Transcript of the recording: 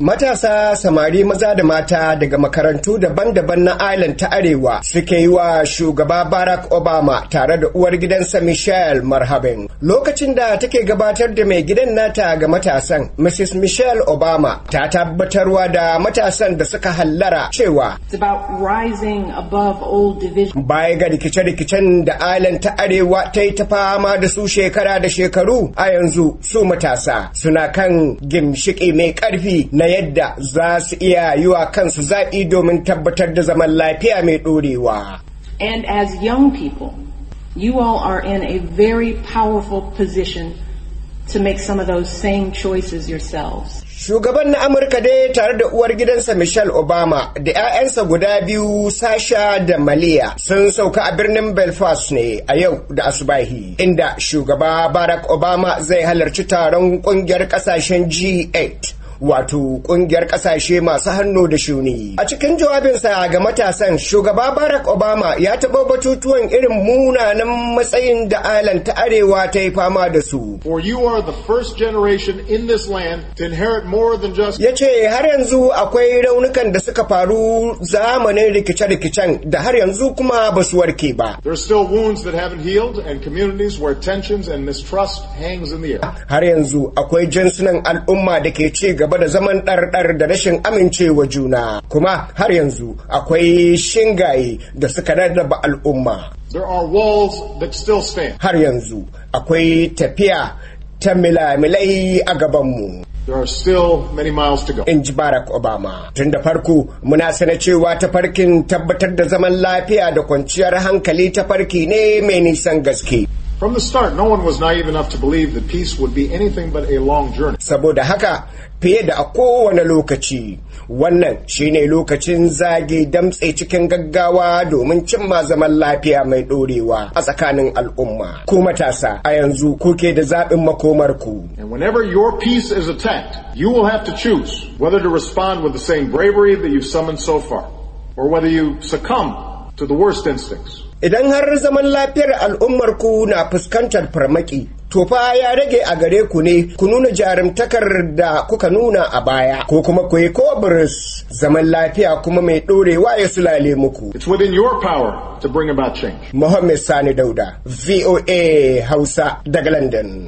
Matasa samari maza da mata daga makarantu daban-daban na Island ta Arewa suke yi wa shugaba Barack Obama tare da uwar gidansa Michelle Marhabin. Lokacin da take gabatar da mai gidan nata ga matasan, Mrs. Michelle Obama ta tabbatarwa da matasan da suka hallara cewa baya ga rikice-rikicen da Island ta Arewa ta yi ta fama da su shekara da shekaru a yanzu su matasa suna kan gimshiƙi mai ƙarfi na na yadda za su iya yi wa kansu zaɓi domin tabbatar da zaman lafiya mai ɗorewa. And as young people, you all are in a very powerful position to make some of those same choices yourselves. Shugaban na Amurka dai tare da uwar gidansa Michelle Obama da 'ya'yansa guda biyu Sasha da Malia, sun sauka a birnin Belfast ne a yau da asubahi inda shugaba Barack Obama zai halarci taron ƙungiyar ƙasashen G8 wato kungiyar kasashe masu hannu da shuni. A cikin jawabinsa ga matasan shugaba Barack Obama ya taɓa batutuwan irin munanan matsayin da Alan ta Arewa ta yi fama da su. For you are the first generation in this land to inherit more than just Ya ce har yanzu akwai raunukan da suka faru zamanin rikice-rikicen da har yanzu kuma ba su warke ba. There are still wounds that haven't healed and communities where tensions and mistrust hangs in the air. Har yanzu akwai jinsunan al'umma da ke ci gaba gaba da zaman ɗarɗar da rashin amincewa juna kuma har yanzu akwai shingaye da suka rarraba al'umma har yanzu akwai tafiya ta milamilai a gabanmu There are still many miles to go. In ji Barack Obama. Tun da farko muna sana cewa tafarkin tabbatar da zaman lafiya da kwanciyar hankali tafarki ne mai nisan gaske. From the start, no one was naive enough to believe that peace would be anything but a long journey. Saboda haka, fiye da kowane lokaci, wannan lokacin zage damtse cikin gaggawa domin cimma zaman lafiya mai dorewa a tsakanin al'umma. matasa, a yanzu kuke da zaɓin makomarku. And whenever your peace is attacked, you will have to choose whether to respond with the same bravery that you've summoned so far, or whether you succumb to the worst instincts. Idan har zaman lafiyar al'ummar ku na fuskantar farmaki, to fa ya rage a gare ku ne ku nuna jarumtakar da kuka nuna a baya ko kuma ku yi kobris zaman lafiya kuma mai ɗorewa ya sulale muku. It's within your power to bring about change. Mohammed Sani Dauda, VOA Hausa daga London.